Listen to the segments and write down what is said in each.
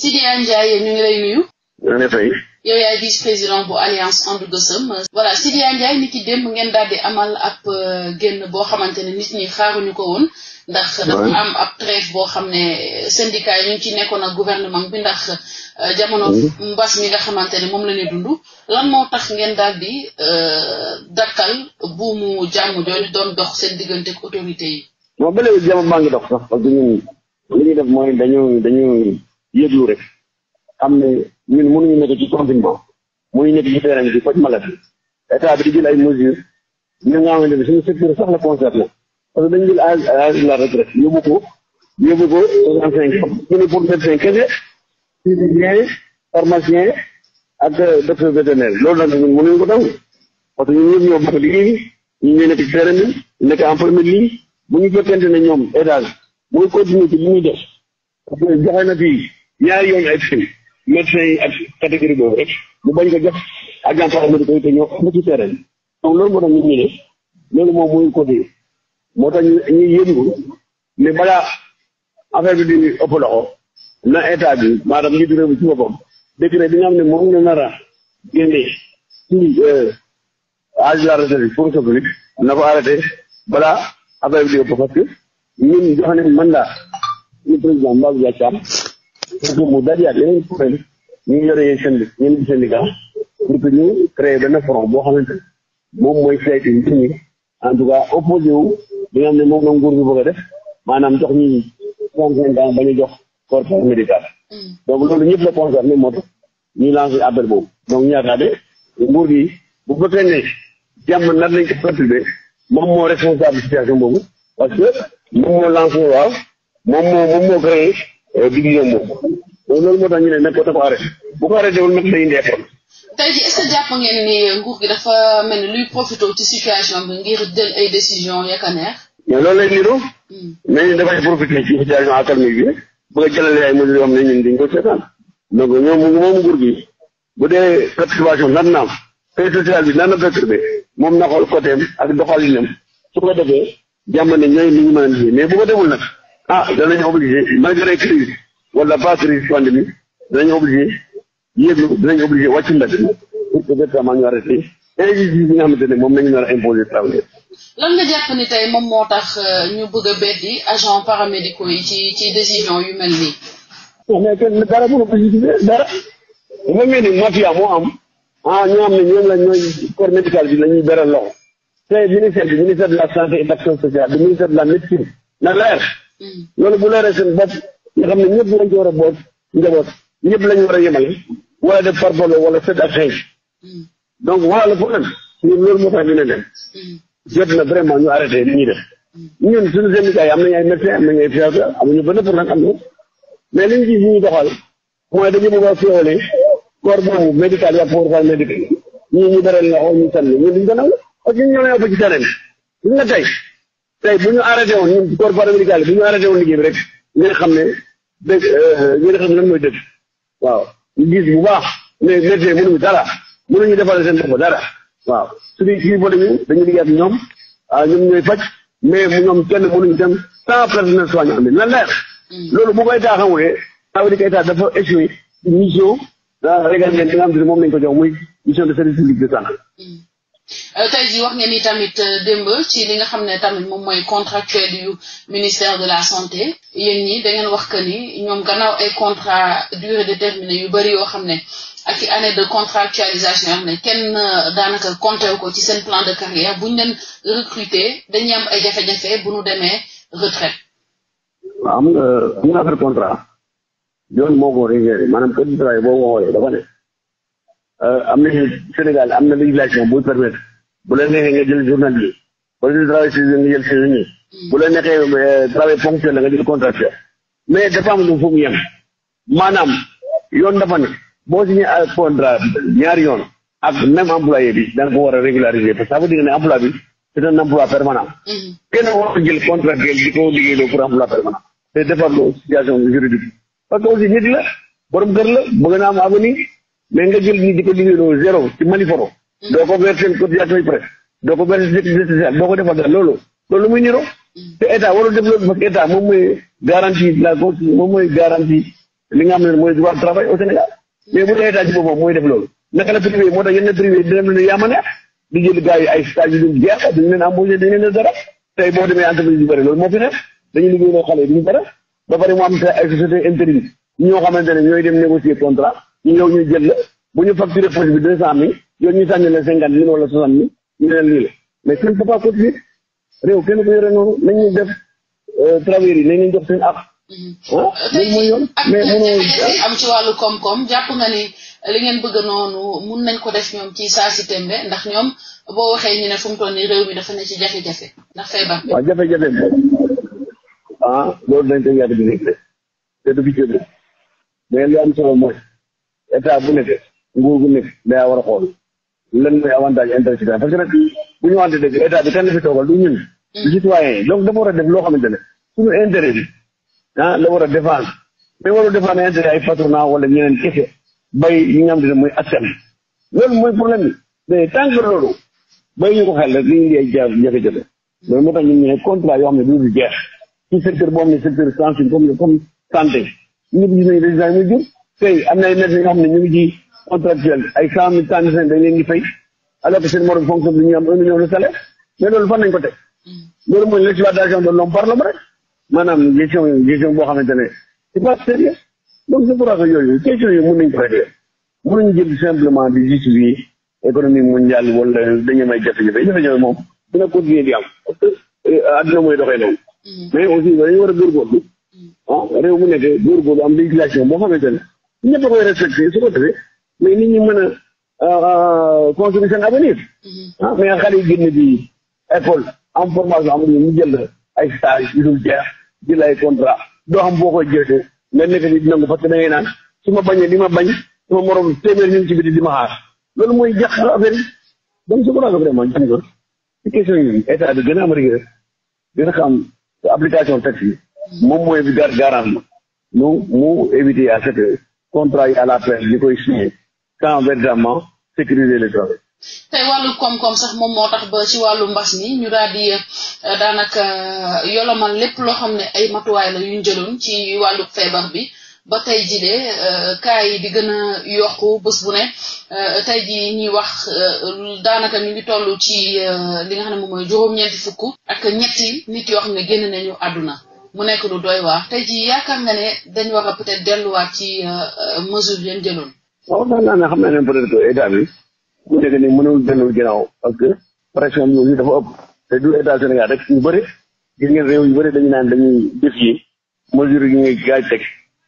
Sidya Ndiaye ñu ngi lay nuyu. en yaay vice président bu alliance And Gueusseum. ci Sidya Ndiaye ni ki démb ngeen daal di amal ab euh, génn boo xamante ne nit ñi xaaruñu ko woon. ndax dafa am ab trêve boo xam ne euh, syndicat yi ñu ngi ci nekkoon ak gouvernement bi ndax. Euh, jamono mm-hmm. mbas mi nga xamante ne moom la ñuy dund. lan moo tax ngeen daal di dakkal buumu jàmm jooju doon dox seen diggante autorité yi. moom ba léegi jàmm ngi dox sax parce que ñun li def mooy dañu dañu. yëglu rek xam ne ñun mënuñu nekk ci confinement mënuñu nekk ci terrain bi di faj maladie état bi di jël ay mesures ñu nga xamante ne nekk ci terrain bi nekk en première ligne bu ñu fekkente ne ñoom état mooy continuer ci li muy def joxe na fii ñaari yoon ay prime médecin yi ak catégorie boobu rek mu bañ ko jox agent paramédicaux yi te ñoo ëpp ci terrain donc loolu moo moom mooy côté moo tax ñu ñu yëngu balaa affaire bi di ëpp loxo na état bi maanaam njiitu réew ci boppam décret bi nga xam ne moom la a génne ci euh, âge de la retraite bi fonction publique na président Mbacke Diakhar. pour mu dajaat yeneen kuréel ñu yore yee seen yeneen syndicat pour que ñu créé benn front boo xamante ne moom mooy saytu mbir mi en tout cas opposé wu ne moom la nguur bi maanaam jox ñi soixante cinq ans ba ñu jox corps médical mm. donc loolu ñëpp la concerné moo tax ñu lancé appel boobu gi bu fekkee ne jàmm nar lañ ko perturbé moo responsable situation boobu parce que moom moo lancé waaw moom moo moom bi euh, ñu yomb loolu moo tax ñu ne ne ko te ko arrêté bu ko arrêté wul nag day indi effort. tey jii est-ce que jàpp ngeen ni nguur gi dafa mel ni luy profité ci situation bi ngir jël ay décision ya ka neex. mais loolu lay niru. Hmm. mais ñun dafay profité ci situation économique bi bëgg a jëlale ay mesures yoo xam ne ñun dañu ko seetaan donc ñoom moom nguur gi bu dee perturbation nan naam paix sociale bi nan la perturbé moom na xool côté am ak doxalinam su ko defee jàmm ne ñooy li ñu mën a liggéey mais bu ko deful nag. ah danañ obligé malgré crise wala pas crise pandémie danañ obligé yëglu danañ obligé wàccu mbedd pour peut-être ñu arrêté injustice bi nga xamante ne moom nañu nar a imposer travailleurs lan nga jàpp ni tey moom moo tax euh, ñu bëgg a beddi agent paramédicaux yi ci ci yu mel nii dara mënu ko justifier dara dafa mel ni mafia moo am ah, ñoo xam ne ñoom la corps médical bi la ñuy beral loxo tey ministère bi ministère de la santé et d'action sociale du ministère la Mm. loolu bu leeree seen bopp nga xam ne ñëpp lañ war a boot njaboot ñëpp lañ war a yemale wala def farfalo wala set ak xëy mm. donc voilà le problème ñun loolu moo tax ñu ne leen mm. na vraiment ñu arrêté li ñuy def ñun suñu syndicat yi am nañu ay médecin am nañu ay ñu doxal mooy dañu bëgg a féewale corps boobu médical yi ak corps médical ñii ñu beral loxo ñu sànni ñun duñ ko nangu parce que ñun ñoo leen ëpp ci terrain nga tey tey bu ñu arrêté woon ñun corps paramédical bu ñu arrêté woon liggéey bi rek ngeen xam ne dëgg euh, ngeen xam ne lan mooy dëgg waaw ñu gis bu baax mais métier mënuñu dara mënuñu defal seen bopp dara waaw suñu suñu bopp dañuy dañuy liggéey ak ñoom ah, ñoom ñooy faj mais ñoom kenn mënuñu dem sans personnel soignant bi lan leer mm. loolu bu koy taaxamulee naa wéy di koy tax dafa échoué mission ah, régal ngeen di nga xam ne moom lañ ko jox muy mission de service public de Euh, tey jii wax ngeen ni tamit euh, démb ci li nga xam ne tamit moom mooy contractuel yu ministère de la santé yéen ñi da wax que ni ñoom gannaaw ay contrat durée déterminée yu bari yoo xam ne ak i année de contractualisation yoo xam ne kenn euh, ko ci seen plan de carrière bu ñu leen recruter dañuy am ay jafe-jafe bu ñu demee retraite. am na am am Sénégal am na législation buy permettre. bu la neexee nga jël journalier hmm. bu la neexee euh, travail saisonnier nga jël saisonnier la nga jël contractuel mais dafa am lu fu mu maanaam yoon dafa ne boo signé contrat ñaari yoon ak même employé bi da nga ko war a régulariser parce que ça veut dire ne emploi bi c'est un emploi permanent. Hmm. kenn war a jël contractuel di ko liggéeyloo pour emploi permanent. te dafa am situation juridique parce que aussi la borom kër la bëgg naa am avenir mais nga jël di ko liggéeyloo zéro ci doo ko versé cotisation presse doo ko versé sécurité sociale doo ko defal daal loolu loolu muy niro te état warul def loolu parce que état moom mooy garantie li nga xam ne mooy droit de au Sénégal mais bu dee état ci boppam mooy def loolu naka la privé moo tax di jël dara tey boo demee entreprise yu bëri loolu moo fi nekk dañu liggéey loo xale duñu dara ba pare mu am ay société intérim ñoo xamante ne ñooy dem négocier contrat ñu ñëw jël la bu ñu facturé force bi deux cent mille yoon ñu sànni la cinquante mille wala soixante mille ñu ne lii la mais suñ papa continuer réew kenn ko nañ ñu def euh, ah, ah, ci wàllu koom jàpp nga ni li ngeen bëgg noonu mun nañ ko def ñoom ci saa si tembe ndax ñoom boo waxee ñu ne fu mu toll nii réew mi dafa ne ci jafe-jafe ndax feebar bi. waaw jafe-jafe bi ah loolu dañ koy yàgg di régler te mais li am solo mooy état bu nekk. nguur gu ne daa war a xool lan mooy avantage intérêt citoyen parce que nag la fi toogal du ñun mm. du citoyen yi donc dafa war a def loo xamante ne suñu intérêt bi ah la war a défendre mais waru défendre intérêt ay patronat wala ñeneen kese bay ñi nga xam ne mooy askan loolu mooy problème bi mais tant que loolu bay ñu ko xel rek li ñu dee jaar jafe-jafe loolu moo tax yoo xam ne du jeex ci secteur boo xam ne secteur sensible comme comme santé ñëpp gis jur tey am na ay médecins yoo xam ne ñu ngi ci contractuel ay cent mille cent mille dañ leen di fay alors que seen morom fonction bi ñu am un million de salaire mais loolu fan nañ ko teg mm. loolu mooy l'exploitation de l'homme par l'homme rek maanaam ne c'est pas sérieux donc je crois que yooyu question yi mën nañ ko réglé mënuñ jël simplement di justifier économie mondiale wala dañu may jafe-jafe jafe-jafe moom dina continuer di am parce que adduna euh, mooy doxee noonu mm. mais aussi dañu war a góorgóorlu mm. ah réew mu nekk góorgóorlu am législation boo xamante ne ñëpp a koy respecté su ko defee mais nit ñi mën a euh, euh, construire seen avenir mm-hmm. ah mais xale yi génn bi école am formation am jël ay stage yu dul jeex jël ay contrat doo xam boo koy jëlee nga nekk di nangu parce que da naan su ma bañee li ma bañ sama morom téeméer ñu ngi ci bi di ma xaar loolu mooy jax affaire yi donc je crois que vraiment ñu ngi ci question yi état bi gën a am rigueur gën a xam application texte mm-hmm. moom mooy bi gar garant mu mu éviter à ce que contrat yi à la presse li koy signé sans véritablement koom-koom sax moom moo tax ba ci wàllu mbas mi ñu daal di euh, daanaka euh, yolomal lépp loo xam ne ay matuwaay la yuñ jëloon ci wàllu feebar bi ba tey jii de euh, cas yi di gën a yokku bés bu ne tey jii ñuy wax daanaka ñu ngi toll ci li nga xam ne moom mooy juróom fukk ak ñetti nit yoo xam ne génn nañu àdduna mu nekk du doy waar tey jii yaakaar nga ne dañ wax a peut delluwaat ci mesure yi ngeen jëloon. waaw daal naa ne xam naa ne peut être que état bi mu nekk nii mënul dellu ginnaaw parce que pression bi aussi dafa ëpp te du état Sénégal rek ñu bëri gis ngeen réew yu bëri dañu naan dañuy défier mesure yi ngay gaaj teg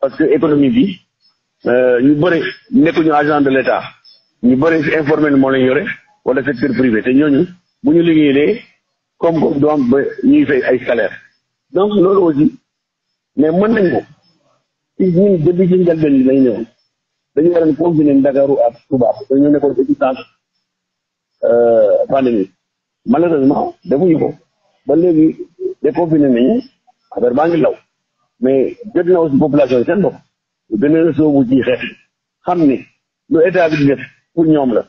parce que économie bi euh, ñu bëri nekkuñu agent de l' état ñu bëri si informel moo lañ yore wala secteur privé te ñooñu bu ñu liggéeyee comme comme du am ba ñuy fay ay salaire donc loolu aussi mais mën nañ ko ci ñun depuis ci njëlbeen bi lañ ñëw dañu waroon confiner Ndakaaru ak Touba dañoo nekkoon existence euh, pandémie malheureusement defuñu ko ba léegi déconfiné nañu affaire baa ngi law mais jot na aussi population yi seen bopp beneen soobu ci xeex xam ni lu état bi pour ñoom la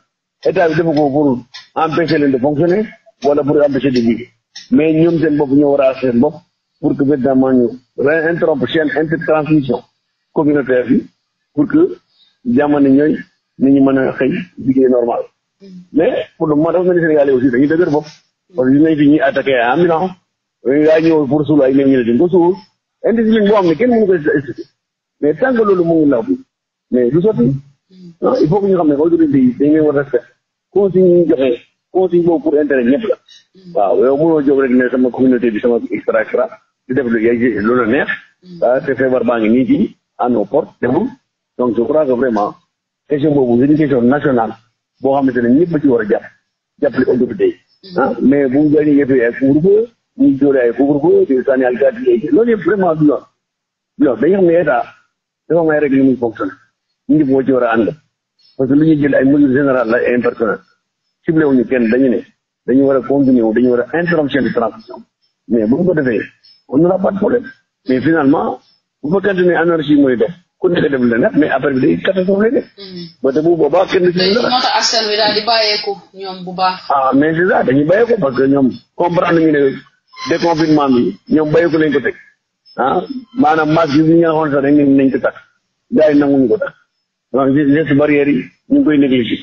état bi defu ko pour empêcher leen de fonctionner wala pour empêcher de vivre mais ñoom seen bopp ñoo war a seen bopp pour que véritablement ñu réinterrompre chaîne intertransmission communautaire bi pour que jamono ñooy nit ñi mën a xëy liggéey normal mais pour le moment dafa mel ni Sénégalais aussi dañuy dëgër bopp parce que dinañ fi ñuy attaqué à Milan daa ñëw pour suul ay ne dañ ko suul indiscipline boo xam ne kenn mënu ko expliquer mais tant que loolu mu mais du sotti non ñu xam ne autorités yi dañ leen war a respect consigne yi ñu joxe consigne boobu pour intérêt ñëpp la waaw yow mënoo jóg rek ne sama communauté bi sama extra extra lu loolu neex mm. ah, te feebar baa ngi nii ci à deful donc je crois vraiment question boobu c'est une question nationale boo xamante ne ñëpp ci war a jàpp jàppale autorité yi ah mm-hmm. mais bu ñu jëlee ay couvre-feu bu ñu jëlee ay couvre-feu di sànni loolu yëpp vraiment du yoon loolu dañu xam ne état dafa may régler muy fonctionné ñëpp moo ci war a ànd parce que lu ñuy jël ay mesures générales la ay impersonnel ciblé wuñu kenn dañu ne dañu war a continuer wu dañu war a interruption de transition mais bu ñu ko defee on n'aura pas de problème mais finalement bu fekkente ne anarchie mooy ku nekk dem la nag mais après bi day catastrophe lay def. Mm. ba te bu boobaa kenn du ci mais moo tax askan wi daal di bàyyeeku ñoom bu baax. ah mais c'est ça dañuy bàyyeeku parce que ñoom comprendre ñu ne déconfinement bi ñoom bàyyeeku lañ ko teg ah maanaam masque yi ñu waxoon sax dañ nañ ko takk gars yi nanguñu ko takk donc gestes barrières yi ñu ngi koy négligé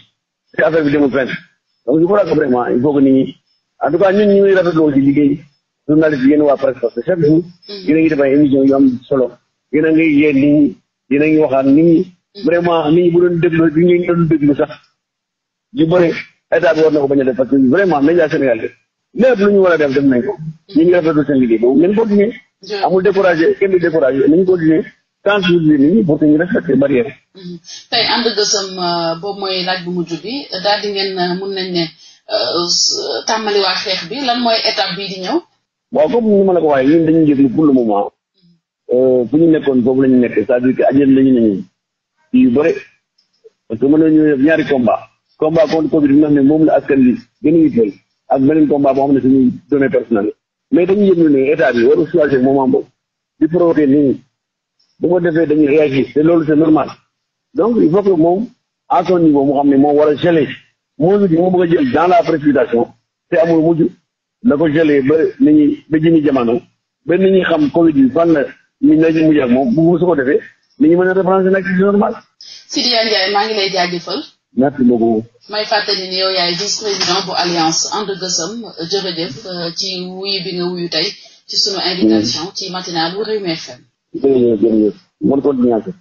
te affaire bi demul fenn donc je crois que vraiment il faut que nit ñi en tout cas ñun ñu ngi rafetlu aussi liggéey journaliste yéen waa presse parce que chaque jour mm. yéen a ngi solo yéen a ngi yee nit dinañ waxaan nit ñi mm. vraiment nit ñi bu doon déglu nit ñi ñu déglu sax ñu bëri état bi war na ko bañ a def parce que vraiment média Sénégal lépp lu ñu war a def dem nañ ko ñu ngi rafetlu seen liggéey boobu nañ continuer amul découragé kenn ñu découragé nañ continuer sensibiliser nit ñu respecté barrière mm-hmm. tey ànd gësëm uh, boobu mooy laaj bu mujj bi daal di ngeen uh, mun nañ ne uh, xeex bi lan mooy étape bii di ñëw waaw comme ni ma la ko waxee ñu dañuy jéglu pour le moment Euh, fu ñu nekkoon foofu la ñu nekk c'est-à-dire que ajeen lañu nañu yu bëri parce que mën nañu def ñaari combat combat contre Covid bi nga ne moom la askan bi gën a yitteel ak beneen combat ne suñuy données personnelles mais dañu yëg ne état bi waru choisir moment boobu di provoquer nit ñi ko defee dañuy réagir te loolu c'est normal donc il faut que moom à son niveau mu xam ne moom war a geler mesures yi moo bëgg a jël dans la précipitation te amul mujj na ko geler ba nit ñi ba jëmi jamono ba nit ñi xam Covid bi fan la mi ñoo ñu mujj ak moom bu mu su ko defee ni ñu mën a reprendre nag c'est normal. Sidya Ndiaye maa ngi lay jaajëfal. merci beaucoup. may fàttali ni yow yaay vice président bu alliance And Gueusseum jërëjëf ci wuyu bi nga wuyu tey ci sunu invitation ci matinale bu Rewmi FM. jërëjëf jërëjëf bonne continuation.